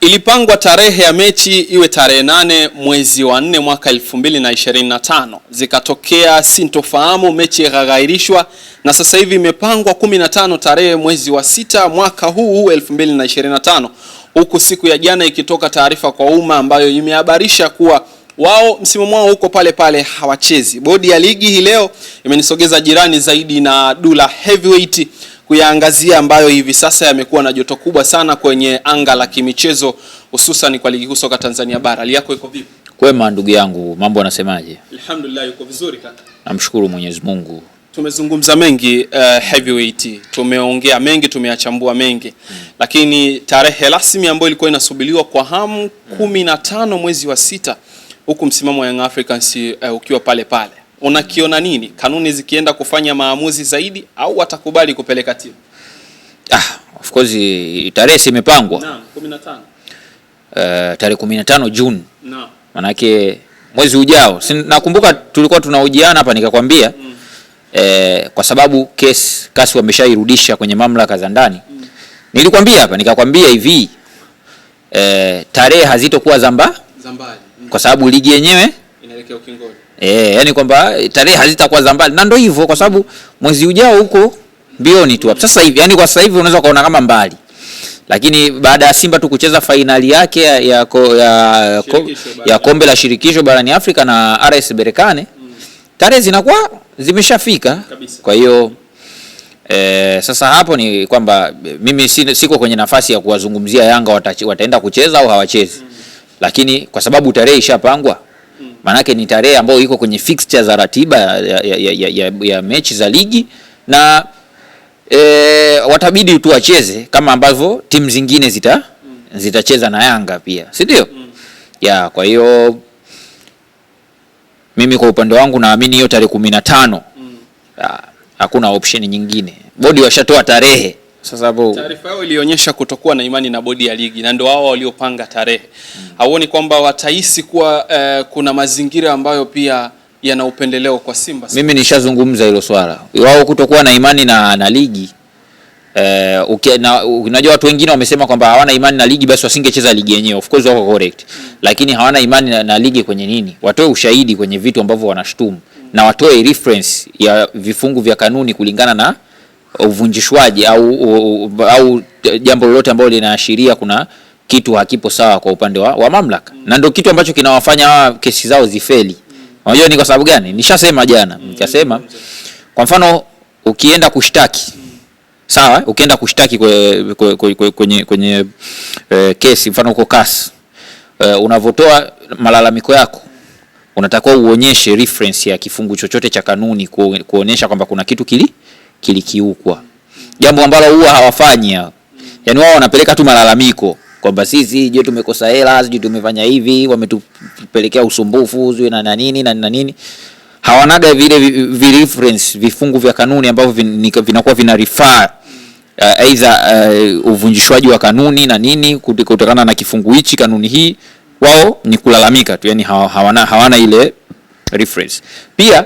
Ilipangwa tarehe ya mechi iwe tarehe nane mwezi wa nne mwaka na tano zikatokea sintofahamu, mechi ikaghairishwa na sasa hivi imepangwa kumi na tano tarehe mwezi wa sita mwaka huu tano, huku siku ya jana ikitoka taarifa kwa umma ambayo imehabarisha kuwa wao msimamo wao huko pale pale, hawachezi. Bodi ya ligi hii leo imenisogeza jirani zaidi na Dula Heavyweight kuyaangazia ambayo hivi sasa yamekuwa na joto kubwa sana kwenye anga la kimichezo hususan kwa ligi kuu soka Tanzania bara. Hali yako iko vipi? Kwema ndugu yangu, mambo anasemaje? Alhamdulillah, yuko vizuri kaka. Namshukuru Mwenyezi Mungu. Tumezungumza mengi uh, Heavyweight, tumeongea mengi, tumeyachambua mengi hmm. Lakini tarehe rasmi ambayo ilikuwa inasubiliwa kwa hamu 15 hmm. mwezi wa sita huku msimamo wa Young Africans uh, ukiwa pale pale unakiona nini? Kanuni zikienda kufanya maamuzi zaidi au watakubali kupeleka timu? Ah, of course tarehe imepangwa. Naam, 15. Uh, eh, tarehe 15 Juni. Naam. Manake mwezi ujao. Si nakumbuka tulikuwa tunahojiana hapa nikakwambia mm. Eh, kwa sababu kesi kasi wameshairudisha kwenye mamlaka za ndani mm. Nilikwambia hapa nikakwambia hivi eh, tarehe hazitokuwa zamba, zambali mm. Kwa sababu ligi yenyewe inaelekea ukingoni eh, yani kwamba tarehe hazitakuwa za mbali na ndio hivyo, kwa sababu mwezi ujao huko mbioni tu sasa hivi. Yani kwa sasa hivi unaweza kuona kama mbali, lakini baada ya Simba tu kucheza fainali yake ya, ya, ya, ya ya kombe la shirikisho barani Afrika na RS Berkane mm. tarehe zinakuwa zimeshafika. Kwa hiyo e, sasa hapo ni kwamba mimi siko kwenye nafasi ya kuwazungumzia Yanga wataenda kucheza au hawachezi mm. lakini kwa sababu tarehe ishapangwa maanake ni tarehe ambayo iko kwenye fixture za ratiba ya, ya, ya, ya, ya mechi za ligi na e, watabidi tu wacheze kama ambavyo timu zingine zita mm. zitacheza na Yanga pia si ndio? mm. ya kwa hiyo mimi kwa upande wangu naamini hiyo tarehe kumi na tano hakuna option nyingine, bodi washatoa tarehe sababu taarifa yao ilionyesha kutokuwa na imani na bodi ya ligi na ndio wao waliopanga tarehe. Mm. Hauoni kwamba watahisi kuwa eh, kuna mazingira ambayo pia yana upendeleo kwa Simba? Mimi nishazungumza hilo swala, wao kutokuwa na imani na, na ligi Uh, eh, uke, na, unajua watu wengine wamesema kwamba hawana imani na ligi basi wasingecheza ligi yenyewe. Of course wako correct, lakini hawana imani na, na ligi kwenye nini? Watoe ushahidi kwenye vitu ambavyo mm. na watoe reference ya vifungu vya kanuni kulingana na uvunjishwaji au, au, au jambo lolote ambalo linaashiria kuna kitu hakipo sawa kwa upande wa, wa mamlaka mm. Na ndio kitu ambacho kinawafanya hawa kesi zao zifeli. Unajua mm. Ni kwa sababu gani? Nishasema jana mm. Nikasema kwa mfano ukienda kushtaki mm. Sawa, ukienda kushtaki kwe, kwe, kwe, kwe, kwenye, kwenye e, kesi mfano uko kasi e, unavotoa malalamiko yako unatakiwa uonyeshe reference ya kifungu chochote cha kanuni kuonyesha kwamba kuna kitu kili kilikiukwa, jambo ambalo huwa hawafanyi. hao. Yani wao wanapeleka tu malalamiko kwamba sisi je, tumekosa hela, sijui tumefanya hivi, wametupelekea usumbufu zui na nini na nini. Hawanaga vile vi reference vifungu vya kanuni ambavyo vinakuwa vina refer uh, eh, aidha uh, eh, uvunjishwaji wa kanuni na nini kutokana na kifungu hichi, kanuni hii. Wao ni kulalamika tu, yani hawana, hawana ile reference pia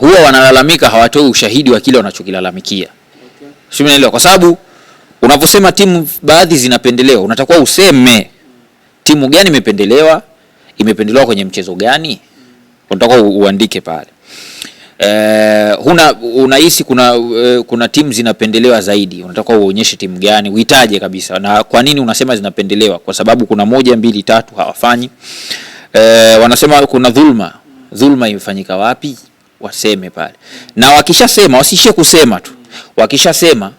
huwa wanalalamika, hawatoi ushahidi wa kile wanachokilalamikia. Okay. Sio, Kwa sababu unavyosema timu baadhi zinapendelewa, unatakiwa useme timu gani imependelewa, imependelewa kwenye mchezo gani, unatakiwa uandike pale. Eh, una unahisi kuna uh, kuna timu zinapendelewa zaidi, unatakiwa uonyeshe timu gani, uhitaje kabisa na kwa nini unasema zinapendelewa, kwa sababu kuna moja mbili tatu hawafanyi. Eh, wanasema kuna dhulma. Dhulma imefanyika wapi? waseme pale, na wakishasema wasishie kusema tu, wakishasema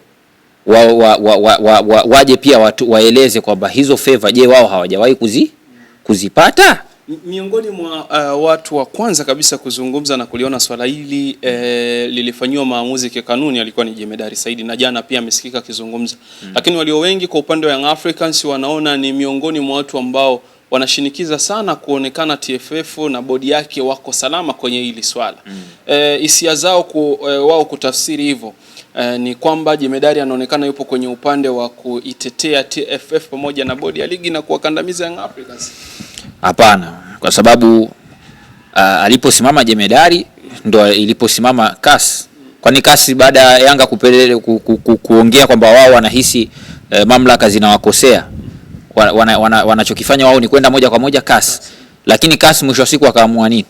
wa, wa, wa, wa, wa, wa, waje pia watu waeleze kwamba hizo favor, je, wao hawajawahi kuzi, kuzipata? Miongoni mwa uh, watu wa kwanza kabisa kuzungumza na kuliona swala hili eh, lilifanyiwa maamuzi kikanuni alikuwa ni Jemedari Saidi, na jana pia amesikika akizungumza mm. Lakini walio wengi kwa upande wa Young Africans wanaona ni miongoni mwa watu ambao wanashinikiza sana kuonekana TFF na bodi yake wako salama kwenye hili swala mm. E, hisia zao ku, e, wao kutafsiri hivyo e, ni kwamba jemedari anaonekana yupo kwenye upande wa kuitetea TFF pamoja na bodi ya ligi na kuwakandamiza Young Africans. Hapana, kwa sababu uh, aliposimama jemedari ndo iliposimama CAS kwani kasi baada ya Yanga ku, ku, ku, kuongea kwamba wao wanahisi eh, mamlaka zinawakosea wanachokifanya wana, wana, wao ni kwenda moja kwa moja CAS, lakini CAS mwisho wa siku akaamua nini?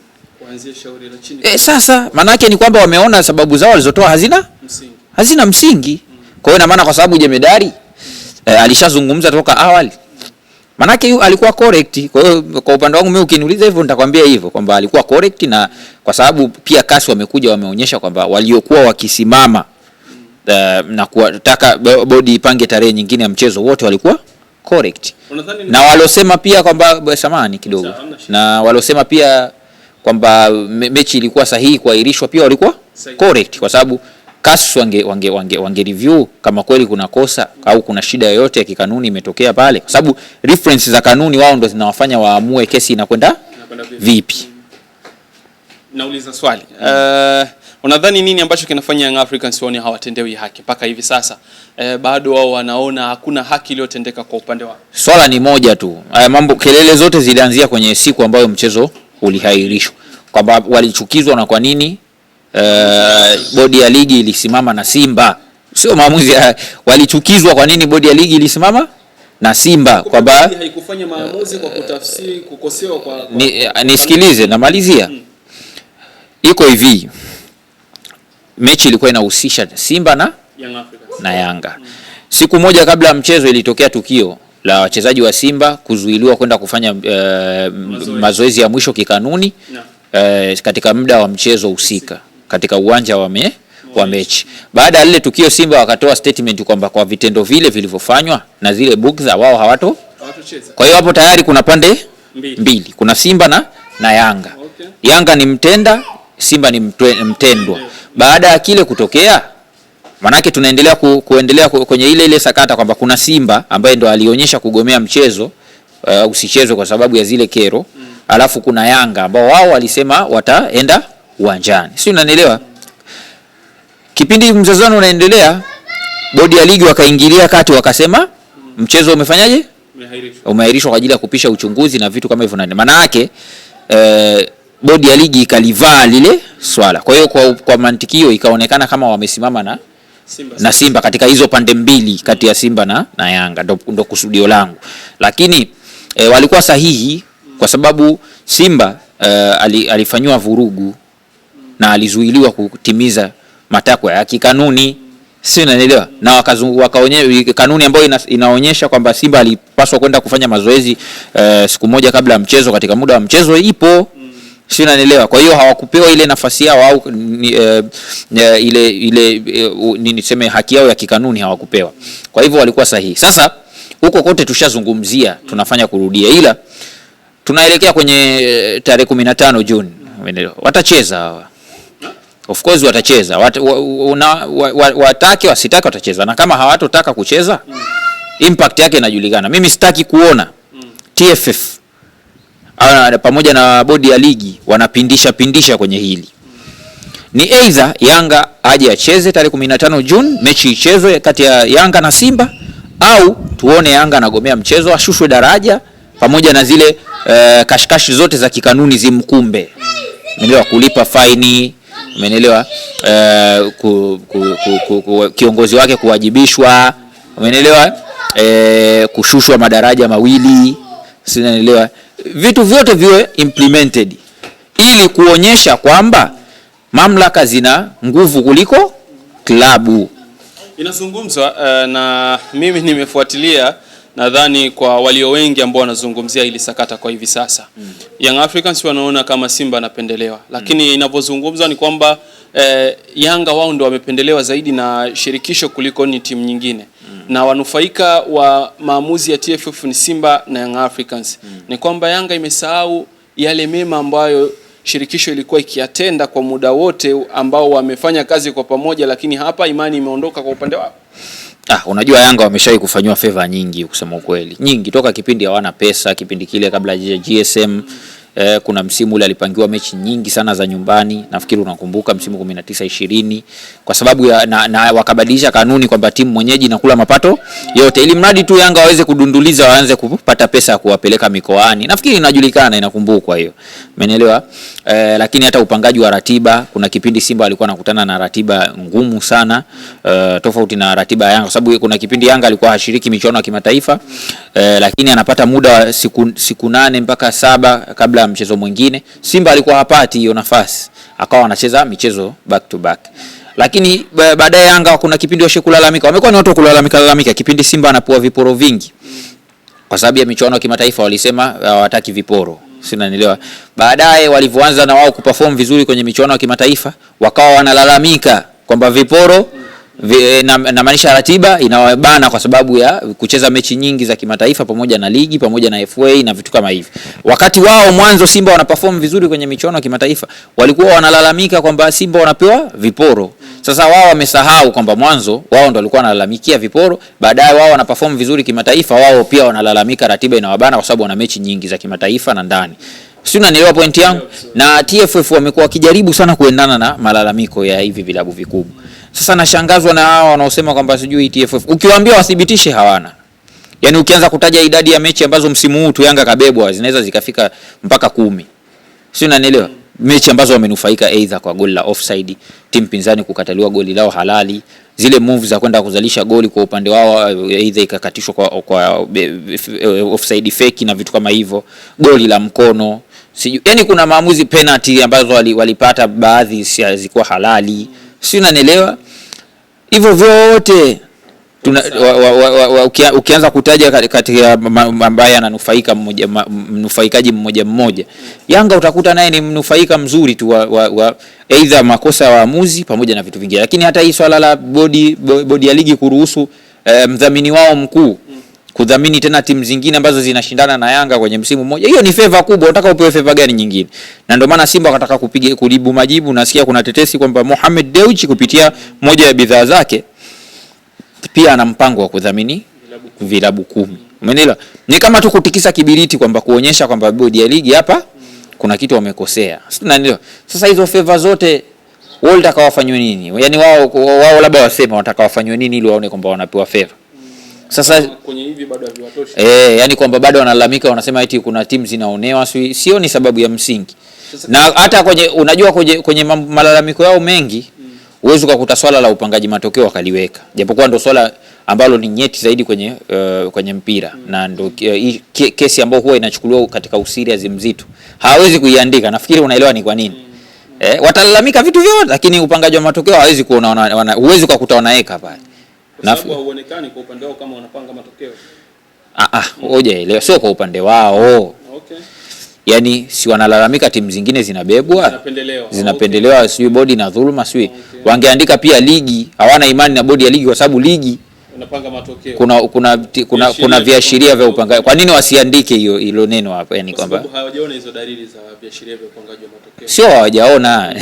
E, sasa maanake ni kwamba wameona sababu zao walizotoa hazina msingi, hazina msingi Kwa hiyo ina maana kwa sababu jemedari e, alishazungumza toka awali Manake yu alikuwa correct. Kwa hiyo kwa upande wangu mimi ukiniuliza hivyo nitakwambia hivyo kwamba alikuwa correct, na kwa sababu pia kasi wamekuja wameonyesha kwamba waliokuwa wakisimama uh, na kuwataka bodi ipange tarehe nyingine ya mchezo wote walikuwa correct. Na walosema pia kwamba samani kidogo, na walosema pia kwamba mechi ilikuwa sahihi kuahirishwa pia walikuwa correct, kwa sababu CAS wange, wange, wange, wange review kama kweli kuna kosa au kuna shida yoyote ya kikanuni imetokea pale, kwa sababu reference za kanuni wao ndo zinawafanya waamue kesi inakwenda vipi. Mm. Nauliza swali uh, Unadhani nini ambacho kinafanya Young Africans waone hawatendewi haki mpaka hivi sasa? E, bado wao wanaona hakuna haki iliyotendeka kwa upande wao. Swala ni moja tu. Haya mambo kelele zote zilianzia kwenye siku ambayo mchezo ulihairishwa kwamba walichukizwa na kwa nini e, bodi ya ligi ilisimama na Simba, sio maamuzi. Walichukizwa kwa nini bodi ya ligi ilisimama na Simba kwamba haikufanya maamuzi kwa kutafsiri kukosewa kwa, kwa, kwa, kwa, kwa, kwa, kwa, kwa, nisikilize namalizia, hmm. iko hivi mechi ilikuwa inahusisha Simba na Young na Yanga. Mm. Siku moja kabla ya mchezo ilitokea tukio la wachezaji wa Simba kuzuiliwa kwenda kufanya uh, mazoezi ya mwisho kikanuni uh, katika muda wa mchezo husika katika uwanja wa me, wa mechi. Baada ya lile tukio, Simba wakatoa statement kwamba kwa vitendo vile vilivyofanywa na zile bukza wao hawato Kwa hiyo hapo tayari kuna pande mbili, mbili. Kuna Simba na, na Yanga okay. Yanga ni mtenda, Simba ni mtendwa. yeah baada ya kile kutokea, manake tunaendelea ku, kuendelea kwenye ile ile sakata kwamba kuna Simba ambaye ndo alionyesha kugomea mchezo uh, usichezwe kwa sababu ya zile kero mm. Alafu kuna Yanga ambao wao walisema wataenda uwanjani, si unanielewa? Kipindi mzozano unaendelea, bodi ya ligi wakaingilia kati, wakasema mchezo umefanyaje, umeahirishwa kwa ajili ya kupisha uchunguzi na vitu kama hivyo, maana yake eh, bodi ya ligi ikalivaa lile swala. Kwa hiyo kwa, kwa mantiki hiyo ikaonekana kama wamesimama na Simba, na Simba katika hizo pande mbili kati ya Simba na, na Yanga ndo, ndo kusudio langu, lakini e, walikuwa sahihi kwa sababu Simba e, alifanyiwa vurugu na alizuiliwa kutimiza matakwa ya kikanuni, si unanielewa? Na wakaonyesha kanuni ambayo ina, inaonyesha kwamba Simba alipaswa kwenda kufanya mazoezi e, siku moja kabla ya mchezo katika muda wa mchezo ipo sio, unanielewa? Kwa hiyo hawakupewa ile nafasi yao au ni, eh, eh, ile ile e, niseme haki yao ya kikanuni hawakupewa, kwa hivyo walikuwa sahihi. Sasa huko kote tushazungumzia, tunafanya kurudia, ila tunaelekea kwenye tarehe 15 Juni watacheza hawa Of course watacheza wat, watake wasitake watacheza, na kama hawatotaka kucheza impact yake inajulikana. Mimi sitaki kuona mm. TFF pamoja na bodi ya ligi wanapindisha pindisha kwenye hili ni aidha Yanga aje acheze tarehe 15 Juni, mechi ichezwe kati ya Yanga na Simba, au tuone Yanga anagomea mchezo ashushwe daraja, pamoja na zile uh, kashkashi zote za kikanuni zimkumbe, umeelewa? Kulipa faini, umeelewa? Uh, ku, ku, ku, ku, ku, kiongozi wake kuwajibishwa, umeelewa? Uh, kushushwa madaraja mawili, sinaelewa vitu vyote viwe implemented ili kuonyesha kwamba mamlaka zina nguvu kuliko klabu. Inazungumzwa uh, na mimi nimefuatilia nadhani kwa walio wengi ambao wanazungumzia hili sakata kwa hivi sasa mm. Young Africans wanaona kama Simba anapendelewa, hmm. lakini mm. inavyozungumzwa ni kwamba eh, Yanga wao ndio wamependelewa zaidi na shirikisho kuliko ni timu nyingine na wanufaika wa maamuzi ya TFF ni Simba na Young Africans mm. Ni kwamba Yanga imesahau yale mema ambayo shirikisho ilikuwa ikiyatenda kwa muda wote ambao wamefanya kazi kwa pamoja, lakini hapa imani imeondoka kwa upande wao. Ah, unajua Yanga wameshawahi kufanywa favor nyingi kusema ukweli, nyingi toka kipindi hawana pesa, kipindi kile kabla ya GSM mm. Eh, kuna msimu ule alipangiwa mechi nyingi sana za nyumbani, nafikiri unakumbuka msimu 19 20, kwa sababu ya, na, na wakabadilisha kanuni kwamba timu mwenyeji inakula mapato yote, ili mradi tu Yanga waweze kudunduliza, waanze kupata pesa ya kuwapeleka mikoani. Nafikiri inajulikana, inakumbukwa hiyo, umeelewa eh. Lakini hata upangaji wa ratiba, kuna kipindi Simba alikuwa anakutana na ratiba ngumu sana eh, tofauti na ratiba ya Yanga, kwa sababu kuna kipindi Yanga alikuwa hashiriki michuano ya kimataifa eh, lakini anapata muda wa siku, siku nane mpaka saba kabla ya mchezo mwingine. Simba alikuwa hapati hiyo nafasi, akawa anacheza michezo back to back lakini baadaye Yanga kuna kipindi washikulalamika, wamekuwa ni watu wa kulalamika lalamika, kipindi Simba anapua viporo vingi kwa sababu ya michuano ya kimataifa, walisema eh, hawataki viporo, sinanielewa. Baadaye walivyoanza na wao kuperform vizuri kwenye michuano ya kimataifa, wakawa wanalalamika kwamba viporo Eh, namaanisha na ratiba inawabana kwa sababu ya kucheza mechi nyingi za kimataifa pamoja na ligi pamoja na FA na vitu kama hivi. Wakati wao mwanzo Simba wana perform vizuri kwenye michuano ya kimataifa, walikuwa wanalalamika kwamba Simba wanapewa viporo. Sasa wao wamesahau kwamba mwanzo wao ndo walikuwa wanalalamikia viporo, baadaye wao wana perform vizuri kimataifa, wao pia wanalalamika ratiba inawabana kwa sababu wana mechi nyingi za kimataifa na ndani. Si unanielewa pointi yangu? Na TFF wamekuwa wakijaribu sana kuendana na malalamiko ya hivi vilabu vikubwa. Sasa nashangazwa na hawa wanaosema kwamba sijui e TFF. Ukiwaambia wathibitishe hawana. Yaani ukianza kutaja idadi ya mechi ambazo msimu huu tu Yanga kabebwa zinaweza zikafika mpaka kumi. Sio, unanielewa? Mechi ambazo wamenufaika aidha kwa goli la offside, timu pinzani kukataliwa goli lao halali, zile move za kwenda kuzalisha goli kwa upande wao aidha ikakatishwa kwa, kwa offside fake na vitu kama hivyo, goli la mkono. Sijui. Yaani kuna maamuzi penalty ambazo walipata wali baadhi zilikuwa halali si unanielewa? Hivyo vyote tuna, wa, wa, wa, wa, ukianza kutaja katika ambaye ananufaika mmoja mnufaikaji mmoja mmoja, Yanga utakuta naye ni mnufaika mzuri tu wa, wa, wa aidha makosa ya wa waamuzi pamoja na vitu vingine, lakini hata hii swala la bodi bodi ya ligi kuruhusu eh, mdhamini wao mkuu kudhamini tena timu zingine ambazo zinashindana na Yanga kwenye msimu mmoja. Hiyo ni feva kubwa, unataka upewe feva gani nyingine? Na ndio maana Simba wakataka kupiga kulibu majibu. Nasikia kuna tetesi kwamba Mohamed Dewji kupitia moja ya bidhaa zake pia ana mpango wa kudhamini vilabu kumi. Umeelewa? Ni kama tu kutikisa kibiriti kwamba kuonyesha kwamba bodi ya ligi hapa kuna kitu wamekosea. Sasa hizo feva zote wao wataka nini? Yaani wao wao labda waseme wataka nini ili waone kwamba wanapewa feva. Sasa kwenye hivi bado haviwatoshi. Eh, yani kwamba bado wanalalamika wanasema eti kuna timu zinaonewa, sio ni sababu ya msingi. Na hata kwenye unajua kwenye, kwenye malalamiko yao mengi mm. huwezi mm, ukakuta swala la upangaji matokeo wakaliweka, japokuwa ndo swala ambalo ni nyeti zaidi kwenye, uh, kwenye mpira mm, na ndo uh, ke, kesi ambayo huwa inachukuliwa katika usiriasi mzito, hawezi kuiandika. Nafikiri unaelewa ni kwa nini mm. Eh, watalalamika vitu vyote, lakini upangaji wa matokeo hawezi kuona, huwezi ukakuta wanaweka pale na hauonekani kwa upande wao kama wanapanga matokeo. Ah ah, ngoja elewa, sio kwa upande wao. Okay. Yaani si wanalalamika timu zingine zinabebwa, zinapendelewa, zinapendelewa okay. Sijui bodi na dhuluma sijui okay. Wangeandika pia ligi, hawana imani na bodi ya ligi kwa sababu ligi unapanga matokeo. Kuna kuna kuna, kuna viashiria vya upangaji. Kwa nini wasiandike hiyo hilo neno hapo? Yaani kwamba kwa sababu hawajaona hizo dalili za viashiria vya upangaji wa matokeo. Sio hawajaona.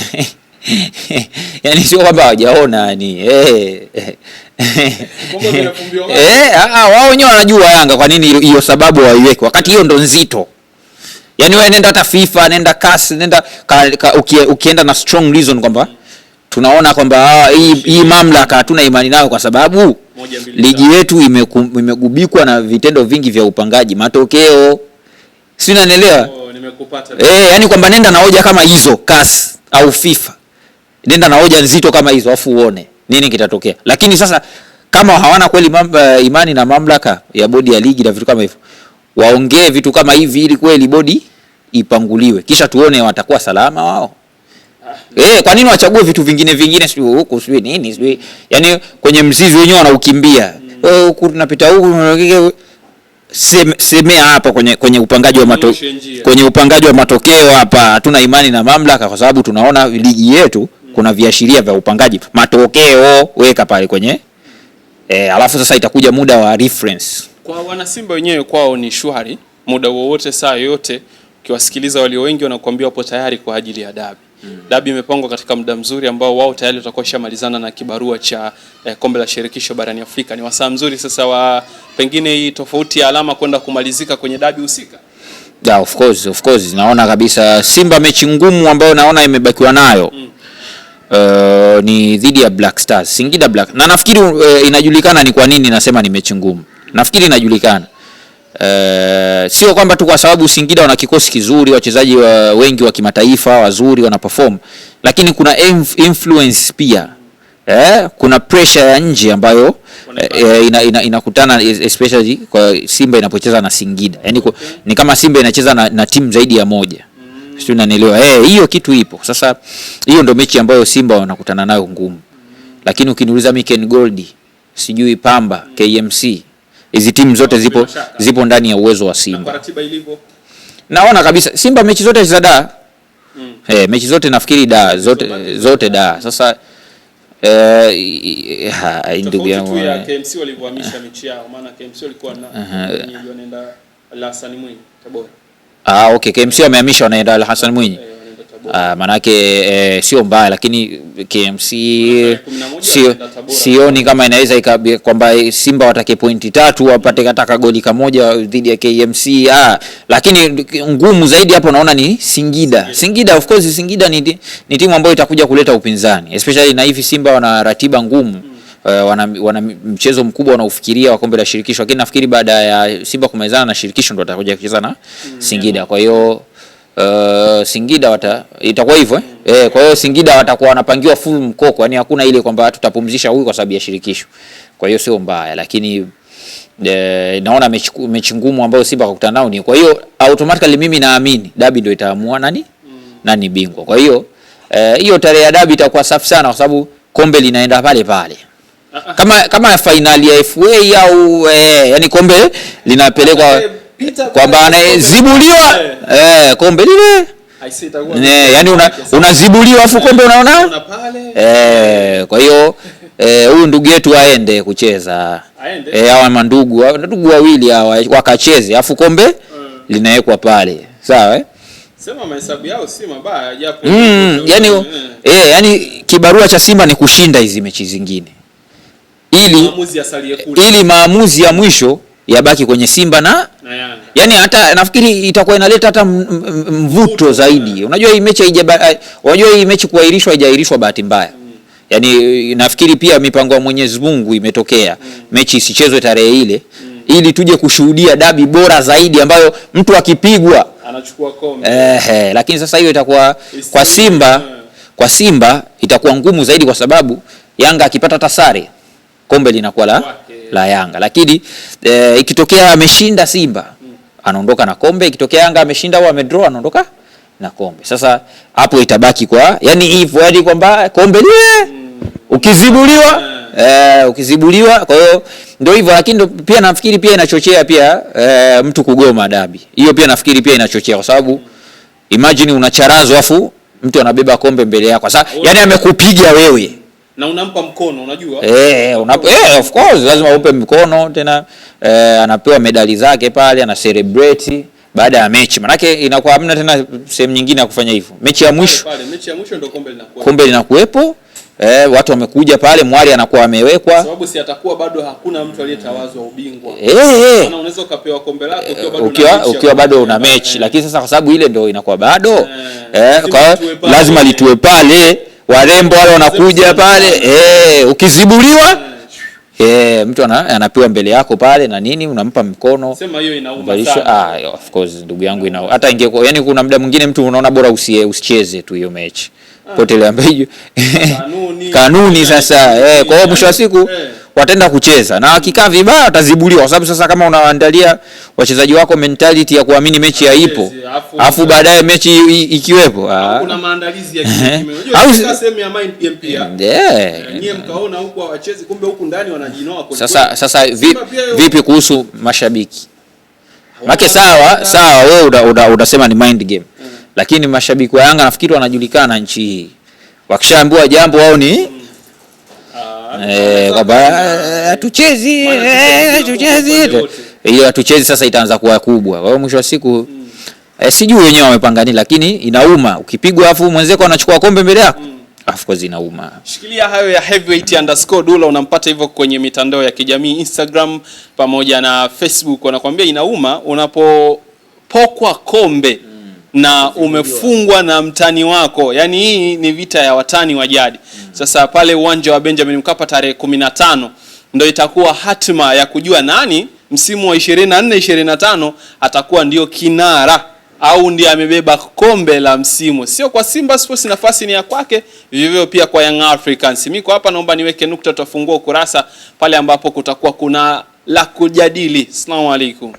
Yaani sio kwamba hawajaona ni eh, eh. Eh, wao wenyewe wanajua Yanga kwa nini hiyo sababu waiweke, wakati hiyo ndo nzito. Yaani wewe nenda hata FIFA, nenda CAS, nenda ka, ka, ukie, ukienda na strong reason kwamba tunaona kwamba ah, hii hii mamlaka hatuna imani nayo kwa sababu ligi yetu imegubikwa na vitendo vingi vya upangaji matokeo, si unanielewa? Oh, Eh, yani kwamba nenda na hoja kama hizo CAS au FIFA, nenda na hoja nzito kama hizo afu uone nini kitatokea. Lakini sasa kama hawana kweli mamba, eh, imani na mamlaka ya bodi ya ligi na vitu kama hivyo, waongee vitu kama hivi ili kweli bodi ipanguliwe, kisha tuone watakuwa salama wao. Ah. Eh, kwa nini wachague vitu vingine vingine, si huku si nini si yani kwenye mzizi wenyewe wanaukimbia mm. huku, tunapita huku semea hapa kwenye, kwenye upangaji wa mato, kwenye upangaji wa matokeo hapa hatuna imani na mamlaka, kwa sababu tunaona ligi yetu kuna viashiria vya upangaji matokeo, weka pale kwenye e, alafu sasa itakuja muda wa reference. Kwa wanasimba wenyewe kwao ni shwari, muda wowote, saa yoyote. Ukiwasikiliza walio wengi wanakuambia wapo tayari kwa ajili ya dabi. Mm. Dabi imepangwa katika muda mzuri ambao wao tayari watakuwa shamalizana na kibarua cha eh, kombe la shirikisho barani Afrika. Ni wasaa mzuri sasa wa pengine hii tofauti ya alama kwenda kumalizika kwenye dabi husika. Yeah, of course, of course. Naona kabisa Simba mechi ngumu ambayo naona imebakiwa nayo. Mm uh, ni dhidi ya Black Stars Singida Black, na nafikiri uh, inajulikana ni kwa nini nasema ni mechi ngumu. Nafikiri inajulikana uh, sio kwamba tu kwa sababu Singida wana kikosi kizuri, wachezaji wa wengi wa kimataifa wazuri wana perform, lakini kuna influence pia Eh, kuna pressure ya nje ambayo eh, ina, ina, ina especially kwa Simba inapocheza na Singida. Yaani ni kama Simba inacheza na, na timu zaidi ya moja sio, unanielewa eh? Hiyo kitu ipo. Sasa hiyo ndio mechi ambayo Simba wanakutana nayo ngumu, lakini ukiniuliza mimi Ken Gold, sijui Pamba, KMC, hizi timu zote zipo zipo ndani ya uwezo wa Simba. Naona kabisa Simba mechi zote za da mm. Hey, eh, mechi zote nafikiri da zote zote da sasa eh, ndugu yangu ya KMC walivyohamisha mechi yao, maana KMC walikuwa na wanaenda Lasani Sani Mwinyi Tabora Ah, okay, KMC amehamisha wanaenda Al Hassan Mwinyi. Ah, maanake eh, sio mbaya lakini KMC sio sioni kama inaweza kwamba Simba watake pointi tatu wapate hata kagoli kamoja dhidi ya KMC. Ah, lakini ngumu zaidi hapo naona ni Singida. Singida of course Singida ni, ni timu ambayo itakuja kuleta upinzani especially na hivi Simba wana ratiba ngumu. Eh, wana, wana mchezo mkubwa wanaofikiria wa kombe la shirikisho, lakini nafikiri baada ya Simba kumezana na shirikisho ndo watakuja kucheza na mm, Singida. Kwa hiyo uh, Singida wata itakuwa hivyo eh? Mm. Eh, kwa hiyo Singida watakuwa wanapangiwa full mkoko, yani hakuna ile kwamba tutapumzisha huyu kwa sababu ya shirikisho. Kwa hiyo sio mbaya, lakini E, naona mechi, mechi ngumu ambayo Simba kakutana nao ni. Kwa hiyo automatically mimi naamini dabi ndio itaamua nani mm, nani bingwa. Kwa hiyo hiyo e, tarehe ya dabi itakuwa safi sana, kwa sababu kombe linaenda pale pale kama kama fainali ya FA au eh, yani kombe linapelekwa kwamba anazibuliwa eh. eh, kombe lile ne, eh, yani una, unazibuliwa afu kombe unaona eh, kwa hiyo eh, huyu ndugu yetu aende kucheza eh, hawa mandugu ndugu wawili hawa wakacheze afu kombe mm, linawekwa pale sawa eh? Sema mahesabu yao si mabaya japo mm, yani, eh, yani kibarua cha Simba ni kushinda hizi mechi zingine ili maamuzi, ya, ili maamuzi ya mwisho yabaki kwenye Simba na, na Yanga. Yani hata nafikiri itakuwa inaleta hata mvuto zaidi. Eh. Unajua hii mechi haijaba, eh, unajua hii mechi kuahirishwa haijaahirishwa bahati mbaya mm. Yani eh, nafikiri pia mipango ya Mwenyezi Mungu imetokea mm. mechi isichezwe tarehe ile mm. ili tuje kushuhudia dabi bora zaidi ambayo mtu akipigwa anachukua kombe eh, lakini sasa hiyo itakuwa kwa Simba yeah. kwa Simba itakuwa ngumu zaidi kwa sababu Yanga akipata tasare kombe linakuwa la, la Yanga. Lakini e, ikitokea ameshinda Simba hmm. anaondoka na kombe, ikitokea Yanga ameshinda au amedraw anaondoka na kombe. Sasa hapo itabaki kwa yani hivyo yani kwamba kombe lile hmm. ukizibuliwa e, ukizibuliwa. Kwa hiyo ndio hivyo, lakini pia nafikiri pia inachochea pia e, mtu kugoma dabi hiyo, pia nafikiri pia inachochea kwa sababu imagine unacharazwa afu mtu anabeba kombe mbele yako sasa, yani amekupiga wewe na unampa mkono unajua, eh, unapo eh, of course lazima upe mkono tena. Eh, anapewa medali zake pale, ana celebrate baada ya mechi, manake inakuwa hamna tena sehemu nyingine ya kufanya hivyo. Mechi ya mwisho pale, mechi ya mwisho ndio kombe linakuwa kombe linakuwepo. Eh, watu wamekuja pale, mwali anakuwa amewekwa, sababu si atakuwa bado hakuna mtu aliyetawazwa ubingwa eh, eh. eh. Unaweza ukapewa kombe lako ukiwa bado ukiwa, bado una mechi. Eh. Lakini sasa kwa sababu ile ndio inakuwa bado eh, eh, kwa lazima litue pale warembo wale wanakuja pale eh, ukizibuliwa eh, mtu anapewa mbele yako pale na nini, unampa mkono. Sema hiyo inauma sana. Ah, of course ndugu yangu ina hata ingekuwa yani, kuna muda mwingine mtu unaona bora usie usicheze tu hiyo mechi ah. potele ambayo kanuni sasa eh, kwa hiyo mwisho wa siku eh wataenda kucheza na wakikaa vibaya watazibuliwa, kwa sababu sasa kama unaandalia wachezaji wako mentality ya kuamini mechi haipo, afu baadaye mechi ikiwepo, ah. kuna maandalizi ya kimwili. Unajua sehemu ya mind game pia eh, eh. eh, ndiye mkaona huko hawachezi, kumbe huko ndani wanajinoa. Kwa Sasa sasa vipi, vipi kuhusu mashabiki? Make sawa sawa, wewe unasema ni mind game, lakini mashabiki wa Yanga nafikiri wanajulikana nchi hii, wakishaambiwa jambo wao ni kwamba eh, eh, hatuchezi eh, hatuchezi, hiyo hatuchezi sasa itaanza kuwa kubwa. Kwa hiyo mwisho wa siku mm. eh, sijui wenyewe wamepanga nini, lakini inauma ukipigwa afu mwenzeko anachukua kombe mbele yako mm. Of course inauma. Shikilia hayo ya Heavyweight underscore Dulla, unampata hivyo kwenye mitandao ya kijamii Instagram pamoja na Facebook. Wanakuambia inauma unapopokwa kombe mm. na umefungwa na mtani wako, yaani hii ni vita ya watani wa jadi mm. Sasa pale uwanja wa Benjamin Mkapa tarehe 15 ndio itakuwa hatima ya kujua nani msimu wa 24 25 atakuwa ndio kinara au ndiye amebeba kombe la msimu, sio kwa Simba Sports, nafasi ni ya kwake, vivyo pia kwa Young Africans. Mimi kwa hapa naomba niweke nukta, tutafungua ukurasa pale ambapo kutakuwa kuna la kujadili. Asalamu alaykum.